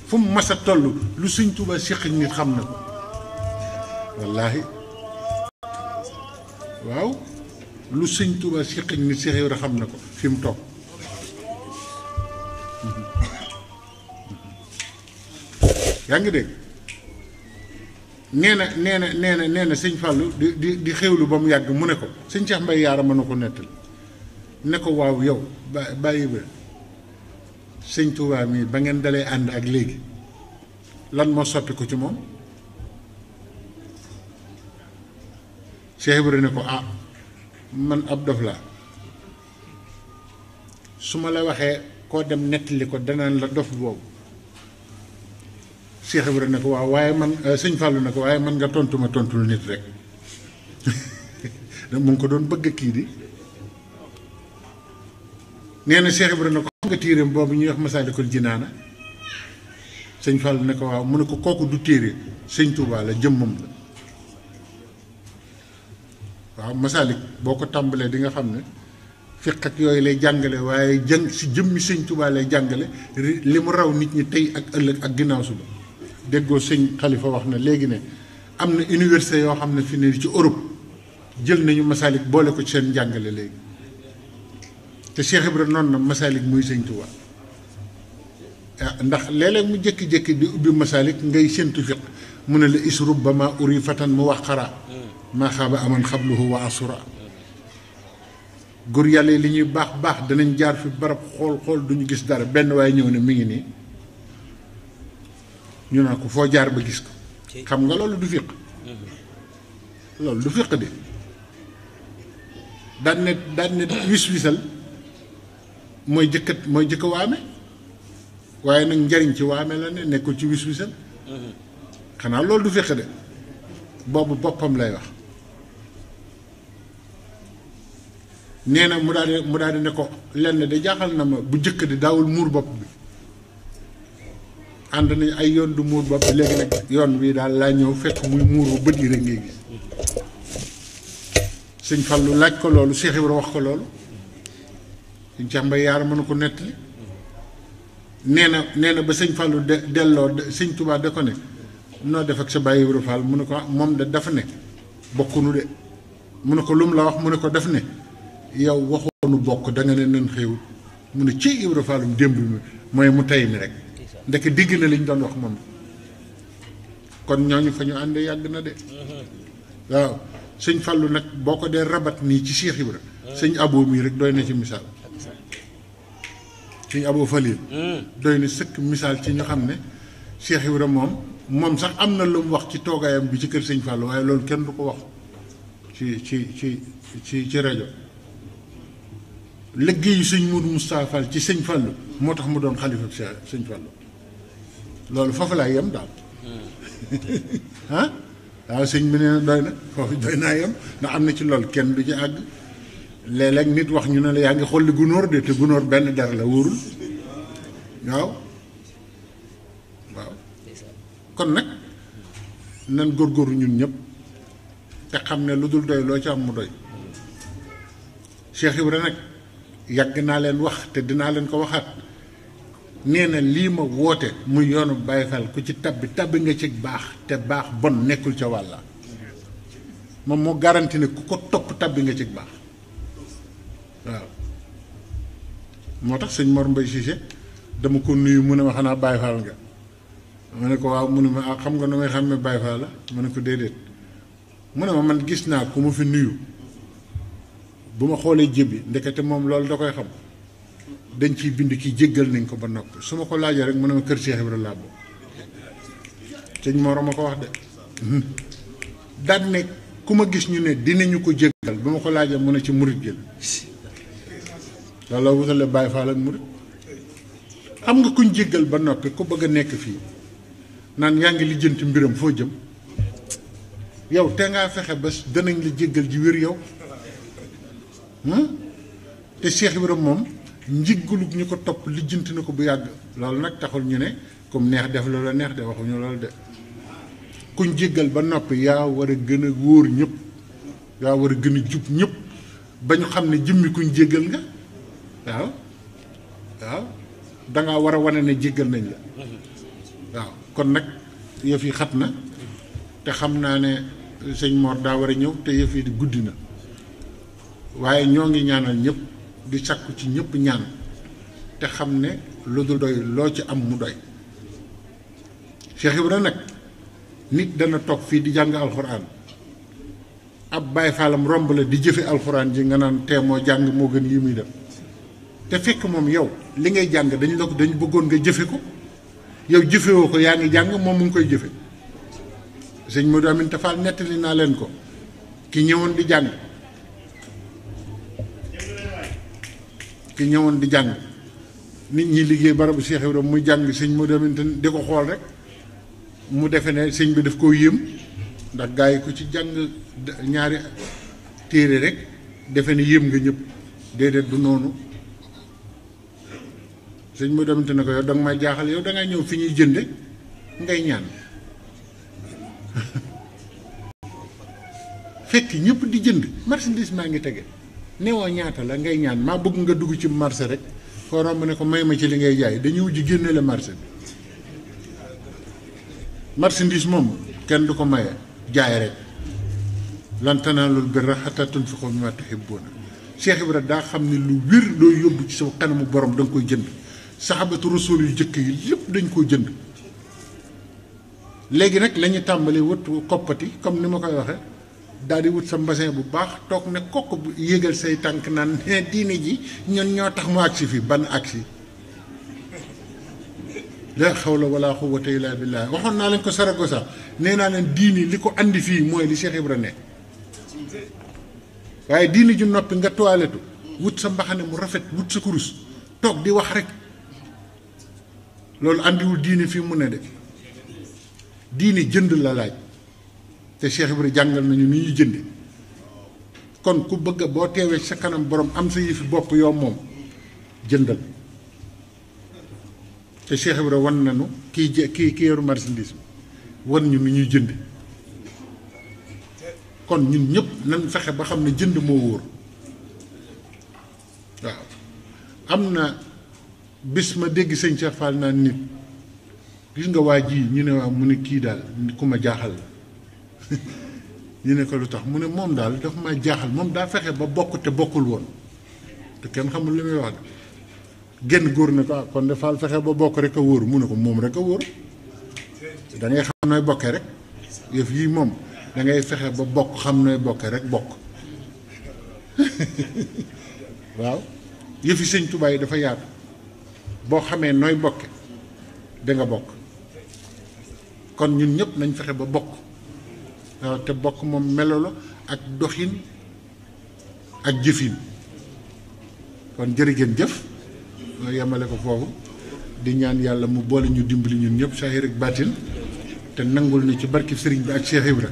fu mu mas a toll lu sëñ Tuubaa séq nit xam na ko wallaahi waaw lu sëñ Tuubaa séq nit Cheikh xam na ko fi mu toog. yaa ngi dégg nee na nee na nee na nee na sëñ di di di xéwlu ba mu yàgg mu ne ko sëñ Cheikh Mbaye yaara mën na ko nettal ne ko waaw yow ba bàyyi ba sëñ Touba mii ba ngeen dalee ànd ak léegi lan moo soppi ko ci moom Cheikh Ibrahima ne ko ah man ab dof laa su ma la waxee koo dem nettali ko danaan la dof boobu Cheikh Ibrahima ne ko waaw waaye man eh, sëñ Fallou ne ko waaye man nga tontu ma tontul nit rek mu ngi ko doon bëgg kii di nee na Cheikh Ibrahima ne ko xam nga téereem boobu ñuy wax Masaalikul Jinaana sëñ Fallou ne ko waaw mu ne ko kooku du téere sëñ Touba la jëmmam la. waaw masaalik boo ko tàmbalee di nga xam ne fiq ak yooyu lay jàngale waaye jàng si jëmmi sëñ Tuubaa lay jàngale li mu raw nit ñi tey ak ëllëg ak ginnaaw suba déggoo sëñ Khalifa wax na léegi ne am na université yoo xam ne fi ne ci Europe jël nañu masalik boole ko ci seen njàngale léegi te Cheikh Ibra noonu na masalik muy sëñ Tuubaa ndax léeg-léeg mu jékki-jékki di ubbi masalik ngay séntu fiq mu ne la is rubba ma uri fatan mu waqara maa xaaba aman xabluhu wa asura góor yàlla yi li ñuy baax baax danañ jaar fi barab xool xool duñu gis dara benn waaye ñëw ne mi ngi nii ñu naan ko foo jaar ba gis ko xam nga loolu du fiq mhm. loolu du fiq de daan ne daan ne wis wisal mooy jëkkat mooy jëkk waame waaye nag njariñ ci waame la ne nekkul ci wis wisal mhm. xanaa loolu du fiq de boobu boppam lay wax nee na mu daal di mu daal di ne ko lenn de jaaxal na ma bu jëkk di daawul muur bopp bi ànd nañ ay yoon du muur bopp léegi nag yoon wi daal laa ñëw fekk muy muur bët yi rek ngay gis sëñ Fallu laaj ko loolu Cheikh Ibra wax ko loolu sëñ Cheikh Mbaye Yaar ko nettali nee na nee na ba sëñ Fallu de delloo sëñ Touba da ko ne noo def ak sa Baye Ibra Fall mu ne ko ah, moom da dafa ne bokkunu de mun ne ko lum la wax mu ne ko def ne yow waxoonu bokk danga nga ne nan xéewul mu ne ci Ibra Fallum démb mi mooy mu tey mi rek ndek digg na liñ doon wax moom kon ñooñu fa ñu ànd yàgg na de mm-hmm. waaw sëñ Fallou nag boo ko dee rabat nii ci Cheikh mm. sëñ aboo mii rek doy na ci misaal sëñ Abo mm. sëkk misaal ci ñu xam ne Cheikh moom moom sax am na lu wax ci toogaayam bi ci kër sëñ Fallou waaye loolu kenn du ko wax ci ci ci ci ci rajo liggéeyu sëñ Mourou Moustapha ci sëñ Fallou moo tax mu doon xalifa sëñ Fallou loolu foofu laa yem daal ah hmm. waaw sëñ bi nee na doy na foofu doy naa yem ndax am na ci lool kenn du ci àgg léeg-léeg nit wax ñu ne la yaa ngi xolli gunóor de te gunóor benn dara la wóorul waaw waaw kon nag nan góorgóorlu ñun ñëpp te xam ne lu dul doy loo ci am mu doy Cheikh Ibra nag yàgg naa leen wax te dinaa leen ko waxaat nee na lii ma woote muy yoonu bayfal ku ci tabbi tabbi nga ci baax te baax bon nekkul ca wàlla moom moo garanti ne ku ko topp tabbi nga ci baax waaw moo tax sëñ Mor Mbaye Cissé dama ko nuyu mu ne ma xanaa Baye Fall nga mu ne ko waaw mu ne ma ah, xam nga nu may xam ne Baye la ma ne ko déedéet mu ne ma man gis naa ko ma fi nuyu bu ma xoolee jébbi ndekete moom loolu da koy xam dañ ciy bind ki jéggal nañ ko ba noppi su ma ko laajee rek mu na ma kër Cheikh Ibrahima laa bokk ma ko wax de hmm. daan ne ku ma gis ñu ne dinañu ko jéggal ba ma ko laajee mu ne ci murit gi la loolu wutale Baye Fall ak murit am nga kuñ jéggal ba noppi ku bëgg a nekk fii naan yaa ngi lijjanti mbiram foo jëm yow te ngaa fexe ba danañ la jéggal ji wér yow hmm. te Cheikh Ibrahima moom njiggalu ñu ko topp lijjanti na ko bu yàgg loolu nag taxul ñu ne comme neex def loola neex de waxuñu loolu de kuñ jéggal ba noppi yaa war a gën a wóor ñëpp yaa war a gën a jub ñëpp ba ñu xam ne jëmmi kuñ jéggal nga waaw waaw dangaa war a wane ne jéggal nañ la waaw kon nag yëf yi xat na te xam naa ne sëñ Mor daa war a ñëw te yëf yi di guddi na waaye ñoo ngi ñaanal ñëpp di sakku ci ñepp ñaan te xam ne lu dul doy lo ci am mu doy Cheikh Ibra nak nit dana tok fi di jang alquran ab bay falam romb la di jëfé alquran ji nga naan té mo jang mo gën lii def te fekk mom yow li ngay jang dañ la ko dañ bëggoon nga jëfé ko yow jëfé woko ya nga jang mom mu koy jëfe Modou tafal netti na len ko ki ñewon di jang ki ñewon di jang nit ñi liggéey barabu Cheikh ibrahim muy jàng sëñ mu tan di ko xool rek mu defé né sëñ bi daf ko yëm ndax gaay ku ci jang ñaari téré rek defé né yëm nga ñëpp dédé du nonu sëñ mu demante ko yow da nga may jaaxal yow da nga ñew fi ñuy jënde ngay ñaan fekk ñëpp di jënd marchandise maa ngi tege newoo ñaata la ngay ñaan maa bëgg nga dugg ci marché rek koo romb ne ko may ma ci li ngay jaay dañuy wujj génne la marché bi marchandise moom kenn du ko maye jaay rek lan tanaalul birra hattaa tunfiqu mimmaa tuhibbuuna Cheikh Ibra daa xam ne lu wér loo yóbbu ci sa kanamu borom da koy jënd saxabatu rasul yu jëkk yi lépp dañ koo jënd léegi nag la tàmbali wëttu koppati comme ni ma koy waxee Dari wut sa mbassin bu baax tok ne kok bu yëgal say tank nan ne diine ji ñun ño tax mu aksi fi ban aksi. la hawla wala quwwata illa billah waxon na len ko sarago sa naa leen diini li andi fi moy li Cheikh Ibra ne waaye diini ju nopi nga toiletu wut sa mbaxane mu rafet wut sa kurus tok di wax rek andi andiwul diini fi mu ne de diini jënd la laaj te Cheikh Ibrahima jàngal nañu ni ñuy jënde kon ku bëgg boo teewee sa kanam borom am sa yëfi bopp yow moom jëndal te Cheikh Ibrahima wan nañu kii je kii kii yoru marchandise bi wan ni ñuy jënd kon ñun ñépp nañ fexe ba xam ne jënd moo wóor waaw am na bis ma dégg sëñ Cheikh Fall naa nit gis nga waa ji ñu ne waa mu ne kii daal ku ma jaaxal la ñu ne ko lu tax mu ne moom daal dafa ma jaaxal moom daa fexe ba bokk te bokkul woon te kenn xamul li may wax génn góor ne ko ah kon defal fexe ba bokk rek a wóor mu ne ko moom rek a wóor da xam nooy bokkee rek yëf yii moom dangay ngay fexe ba bokk xam nooy bokkee rek bokk waaw yëfi sëñ yi dafa yaatu boo xamee nooy bokke da bokk kon ñun ñëpp nañ fexe ba bokk. te bokk moom melo la ak doxin ak jëfin kon jërigeen jëf nga yemale ko foofu di ñaan yàlla mu boole ñu dimbali ñun ñëpp saahir ak baatin te nangul ni ci barki sëriñ bi ak Cheikh Ibra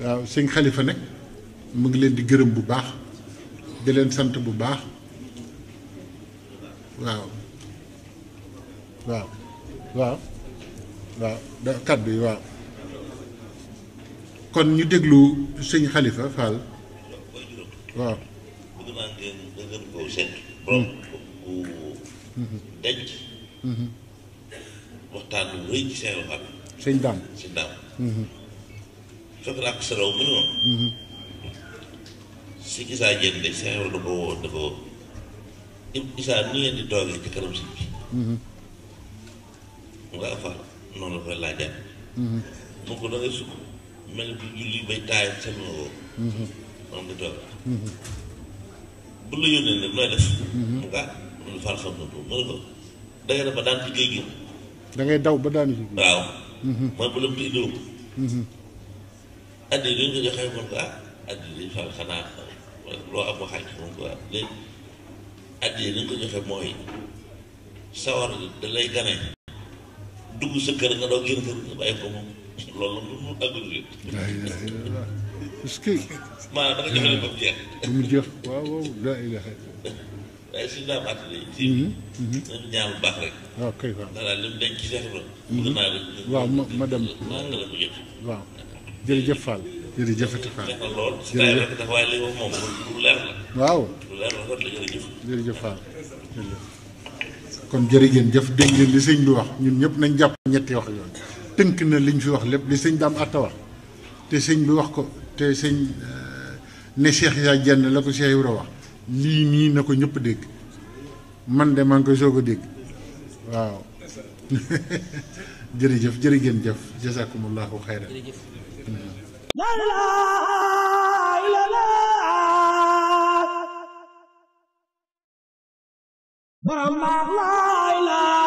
waaw sëñ Xalifa nag mu ngi leen di gërëm bu baax di leen sant bu baax waaw waaw waaw waaw kàddu yi waaw kon ñu déglu sëñ xalifa Fall waaw. bëgg naa ngeen ngeen ko seet. seen waxtaan. fekk naa ko mu ne ma. si gisaa jéem de seen yow da ko woo da ni ngeen di toogee ci kanam sëñ bi. nga Fall noonu la koy laajaat. Mm-hmm. mu ko doon sukk. mel ni julli bay taay seen woo mm-hmm. mm-hmm. bu la yónnee nag nooy def mu gaa mun faal xam na boobu mën ko ba da ngay daw ba daan ci géej waaw mm-hmm. mooy bu la mu indiwu addi addi li faal xanaa ko joxe mooy sawar da lay gane dugg sa kër nga daw génn kër nga bàyyi ko moom loolu moom du àgguñu leen. laa ilaaha illallaah est mu jeex. waaw waaw laa ilaaha illallaah. waaye mhm, mhm. Ah, waaw kay mhm. waaw ma dem maa ngi jëf. waaw jërëjëf Fall. jërëjëfati lu waaw lu leer la kon la jërëjëf. jëf dégg wax ñun ñëpp nañ jàpp ñetti wax yooyu tënk na liñ fi wax lepp li señ dam atta wax té señ bi wax ko té señ euh, né Cheikh ya jenn la ko Cheikh Ibra wax li ni nako ñëpp dégg man dé man ko koy dégg waaw jëri jëf jëri gën jëf jazakumullahu khairan xayran
borom la ilaha